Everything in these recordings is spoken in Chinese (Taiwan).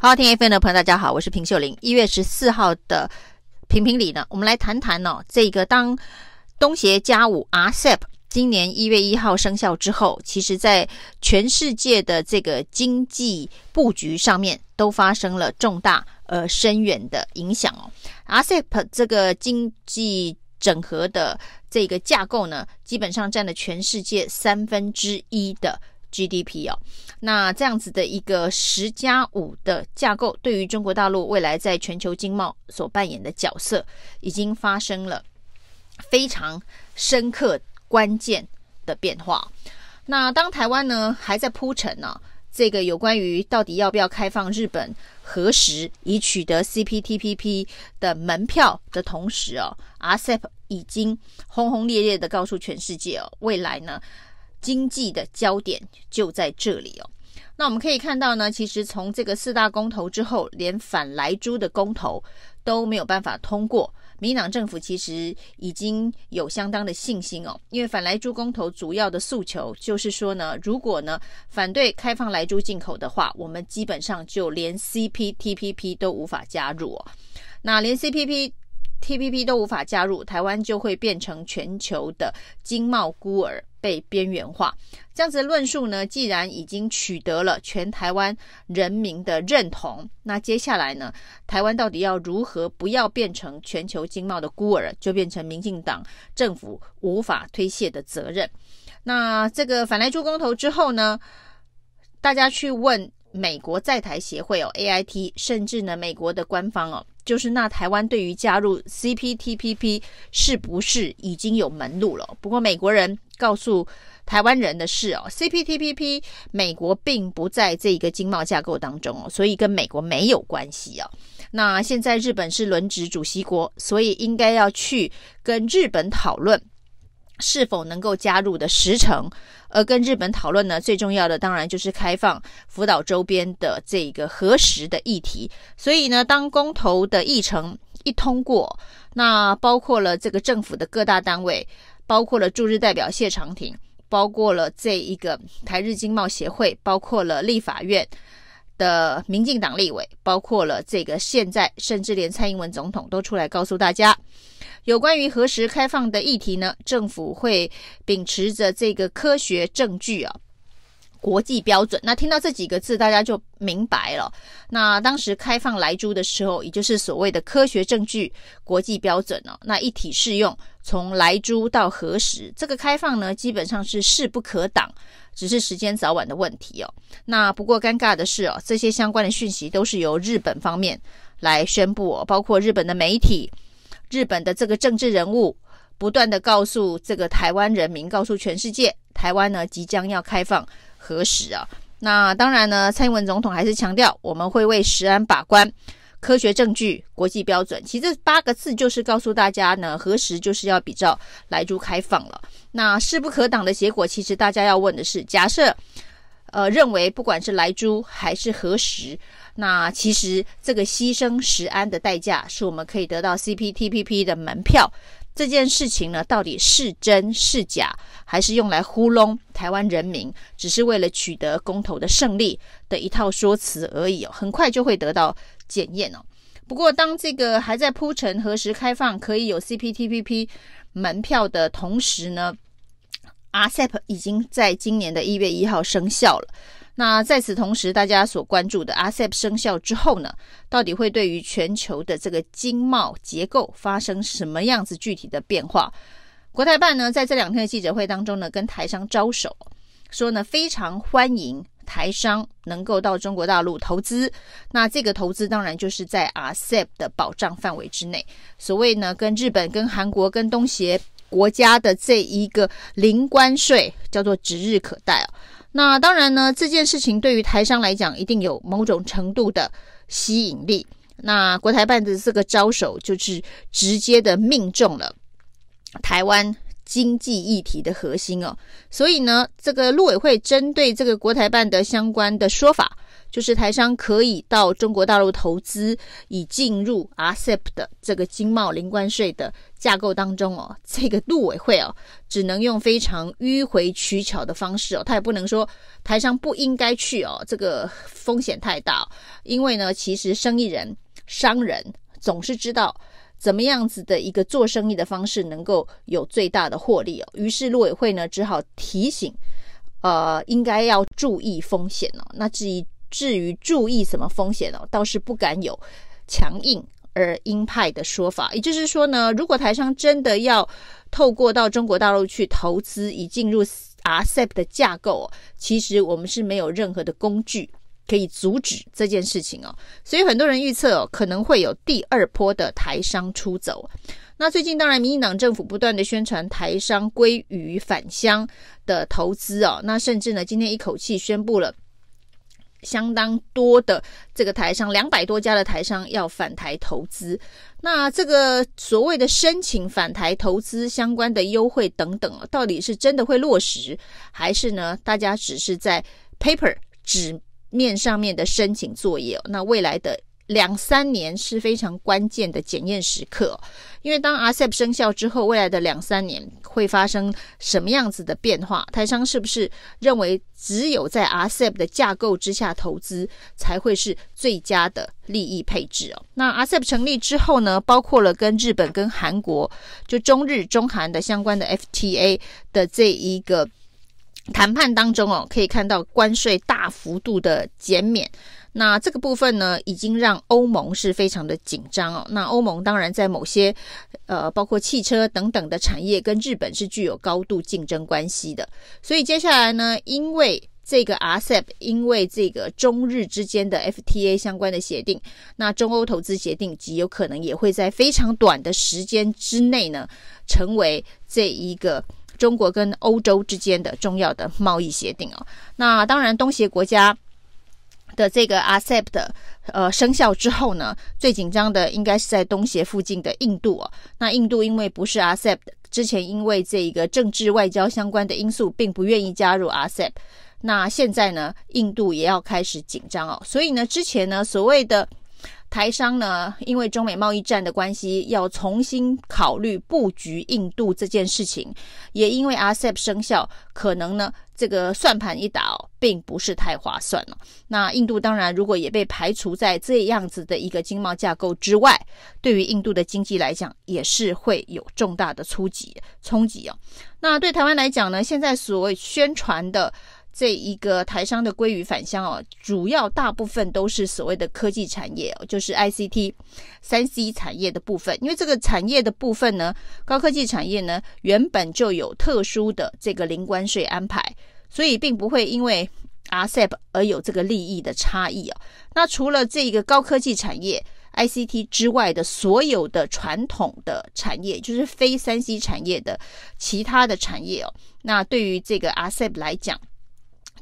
好，聽 FM 的朋友大家好，我是平秀琳。一月十四號的評評理呢，我們來談談哦，這個當東協加五 RCEP 今年一月一號生效之後，其實在全世界的這個經濟布局上面都發生了重大而深遠的影響哦。RCEP 這個經濟整合的這個架構呢，基本上佔了全世界三分之一的 GDP 哦，那這樣子的一個十加五的架構，對於中國大陸未來在全球經貿所扮演的角色，已經發生了非常深刻關鍵的變化。那當台灣呢，還在鋪陳呢，這個有關於到底要不要開放日本，何時已取得 CPTPP 的門票的同時哦，RCEP 已經轟轟烈烈的告訴全世界哦，未來呢。經濟的焦點就在這裡哦。那我們可以看到呢，其實從這個四大公投之後，連反萊豬的公投都沒有辦法通過。民黨政府其實已經有相當的信心哦，因為反萊豬公投主要的訴求就是說呢，如果呢反對開放萊豬進口的話，我們基本上就連 CPTPP 都無法加入哦。那連 CPTPP 都無法加入，台灣就會變成全球的經貿孤兒。被邊緣化，這樣子的論述呢，既然已經取得了全台灣人民的認同，那接下來呢，台灣到底要如何不要變成全球經貿的孤兒，就變成民進黨政府無法推卸的責任。那這個反萊豬公投之後呢，大家去問美國在台協會哦，AIT，甚至呢，美國的官方哦，就是那台灣對於加入 CPTPP 是不是已經有門路了？不過美國人，告訴台灣人的是哦，CPTPP 美國並不在這個經貿架構當中哦，所以跟美國沒有關係哦。那現在日本是輪值主席國，所以應該要去跟日本討論是否能夠加入的時程。而跟日本討論呢，最重要的當然就是開放福島周邊的這個核食的議題。所以呢，當公投的議程一通過，那包括了這個政府的各大單位。包括了駐日代表謝長廷，包括了這一個台日經貿協會，包括了立法院的民進黨立委，包括了這個現在甚至連蔡英文總統都出來告訴大家，有關於核食開放的議題呢，政府會秉持着這個科學證據啊、國際標準，那聽到這幾個字，大家就明白了。那當時開放萊豬的時候，也就是所謂的科學證據、國際標準哦，那一體適用，從萊豬到核食。這個開放呢，基本上是勢不可擋，只是時間早晚的問題哦。那不過尷尬的是哦，這些相關的訊息都是由日本方面來宣布哦，包括日本的媒體、日本的這個政治人物，不斷的告訴這個台灣人民，告訴全世界，台灣呢即將要開放。核食啊。那當然呢，蔡英文總統還是強調，我們會為食安把關，科學證據、國際標準。其實八個字就是告訴大家呢，核食就是要比照萊豬開放了。那勢不可擋的結果，其實大家要問的是，假設呃認為不管是萊豬還是核食，那其實這個犧牲食安的代價，是我們可以得到 CPTPP 的門票。這件事情呢，到底是真是假，還是用來糊弄台灣人民，只是為了取得公投的勝利的一套說辭而已哦？很快就會得到檢驗哦。不過，當這個還在鋪陳何時開放可以有 CPTPP 門票的同時呢，RCEP 已經在今年的一月一號生效了。那在此同時，大家所關注的 RCEP 生效之後呢，到底會對於全球的這個經貿結構發生什麼樣子具體的變化？國台辦呢，在這兩天的記者會當中呢，跟台商招手，說呢，非常歡迎台商能夠到中國大陸投資。那這個投資當然就是在 RCEP 的保障範圍之內。所謂呢，跟日本、跟韓國、跟東協國家的這一個零關稅，叫做指日可待，啊那當然呢，這件事情對於台商來講，一定有某種程度的吸引力。那國台辦的這個招手，就是直接的命中了台灣經濟議題的核心哦。所以呢，這個陸委會針對這個國台辦的相關的說法，就是台商可以到中國大陸投資，以進入 RCEP 的這個經貿零關稅的架構當中哦。這個陸委會哦，只能用非常迂迴取巧的方式哦，他也不能說台商不應該去哦，這個風險太大。因為呢，其實生意人、商人總是知道怎麼樣子的一個做生意的方式能夠有最大的獲利哦。於是陸委會呢，只好提醒，呃，應該要注意風險哦。那至於，至於注意什麼風險哦，倒是不敢有強硬而鷹派的說法。也就是說呢，如果台商真的要透過到中國大陸去投資，以進入 RCEP 的架構哦，其實我們是沒有任何的工具可以阻止這件事情哦。所以很多人預測哦，可能會有第二波的台商出走。那最近當然，民進黨政府不斷地宣傳台商歸於返鄉的投資哦，那甚至呢，今天一口氣宣布了。相當多的這個台商，兩百多家的台商要返台投資，那這個所謂的申請返台投資相關的優惠等等，到底是真的會落實，還是呢？大家只是在 paper 紙面上面的申請作業，那未來的？兩三年是非常關鍵的檢驗時刻，因為當 RCEP 生效之後，未來的兩三年會發生什麼樣子的變化？台商是不是認為只有在 RCEP 的架構之下投資才會是最佳的利益配置哦？那 RCEP 成立之後呢，包括了跟日本、跟韓國，就中日、中韓的相關的 FTA 的這一個。談判當中哦，可以看到關稅大幅度的減免，那這個部分呢，已經讓歐盟是非常的緊張哦。那歐盟當然在某些呃，包括汽車等等的產業，跟日本是具有高度競爭關係的。所以接下來呢，因為這個 RCEP，因為這個中日之間的 FTA 相關的協定，那中歐投資協定極有可能也會在非常短的時間之內呢，成為這一個。中國跟歐洲之間的重要的貿易協定哦，那當然東協國家的這個 RCEP 的呃生效，之後呢，最緊張的應該是在東協附近的印度哦。那印度因為不是 RCEP，之前因為這一個政治外交相關的因素，並不願意加入 RCEP。那現在呢，印度也要開始緊張哦。所以呢，之前呢，所謂的。台商呢，因為中美貿易戰的關係，要重新考慮布局印度這件事情。也因為 RCEP 生效，可能呢，這個算盤一打哦，並不是太划算了。那印度當然，如果也被排除在這樣子的一個經貿架構之外，對於印度的經濟來講，也是會有重大的衝擊衝擊哦，那對台灣來講呢，現在所謂宣傳的。這一個台商的鮭魚返鄉哦，主要大部分都是所謂的科技產業、哦，就是 I C T 三 C 產業的部分。因為這個產業的部分呢，高科技產業呢，原本就有特殊的這個零關稅安排，所以並不會因為 R C E P 而有這個利益的差異哦，那除了這個高科技產業 I C T 之外的所有的傳統的產業，就是非三 C 產業的其他的產業哦，那對於這個 R C E P 來講，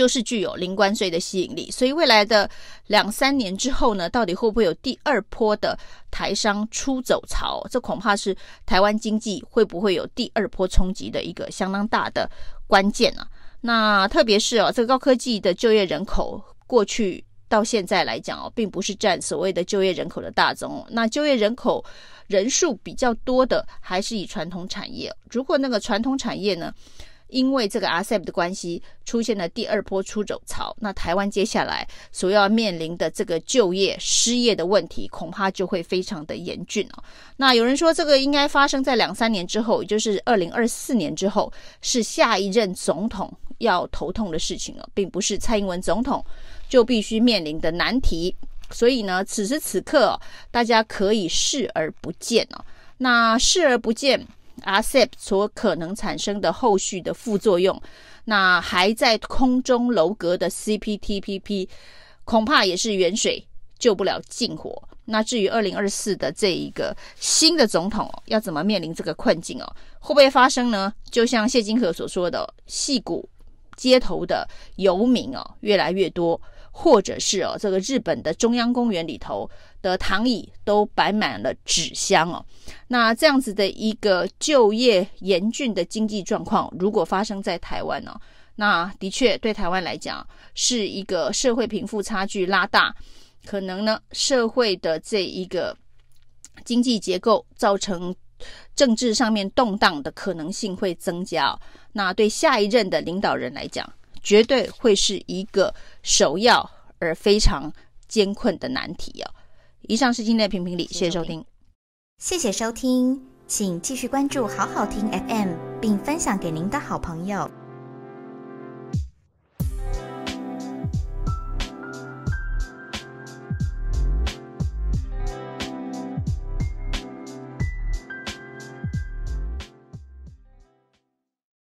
就是具有零關稅的吸引力，所以未來的兩三年之後呢，到底會不會有第二波的台商出走潮？這恐怕是台灣經濟會不會有第二波衝擊的一個相當大的關鍵啊！那特別是哦，這個高科技的就業人口，過去到現在來講哦，並不是佔所謂的就業人口的大宗。那就業人口人數比較多的，還是以傳統產業。如果那個傳統產業呢？因為這個 RCEP 的關係，出現了第二波出走潮。那台灣接下來所要面臨的這個就業失業的問題，恐怕就會非常的嚴峻哦、啊。那有人說，這個應該發生在兩三年之後，也就是二零二四年之後，是下一任總統要頭痛的事情了、啊，並不是蔡英文總統就必須面臨的難題。所以呢，此時此刻、啊、大家可以視而不見哦、啊。那視而不見。阿塞所可能產生的後續的副作用，那還在空中樓閣的 CPTPP，恐怕也是遠水救不了近火。那至於二零二四的這一個新的總統哦，要怎麼面臨這個困境哦，會不會發生呢？就像謝金河所說的，矽谷街頭的游民哦，越來越多。或者是哦，這個日本的中央公園裡頭的躺椅都擺滿了紙箱哦。那這樣子的一個就業嚴峻的經濟狀況，如果發生在台灣呢、哦，那的確對台灣來講是一個社會貧富差距拉大，可能呢，社會的這一個經濟結構造成政治上面動蕩的可能性會增加。那對下一任的領導人來講。絕對會是一個首要而非常艱困的難題哦。以上是今天的評評理，謝謝收聽，謝謝收聽，請繼續關注好好聽 FM，並分享給您的好朋友。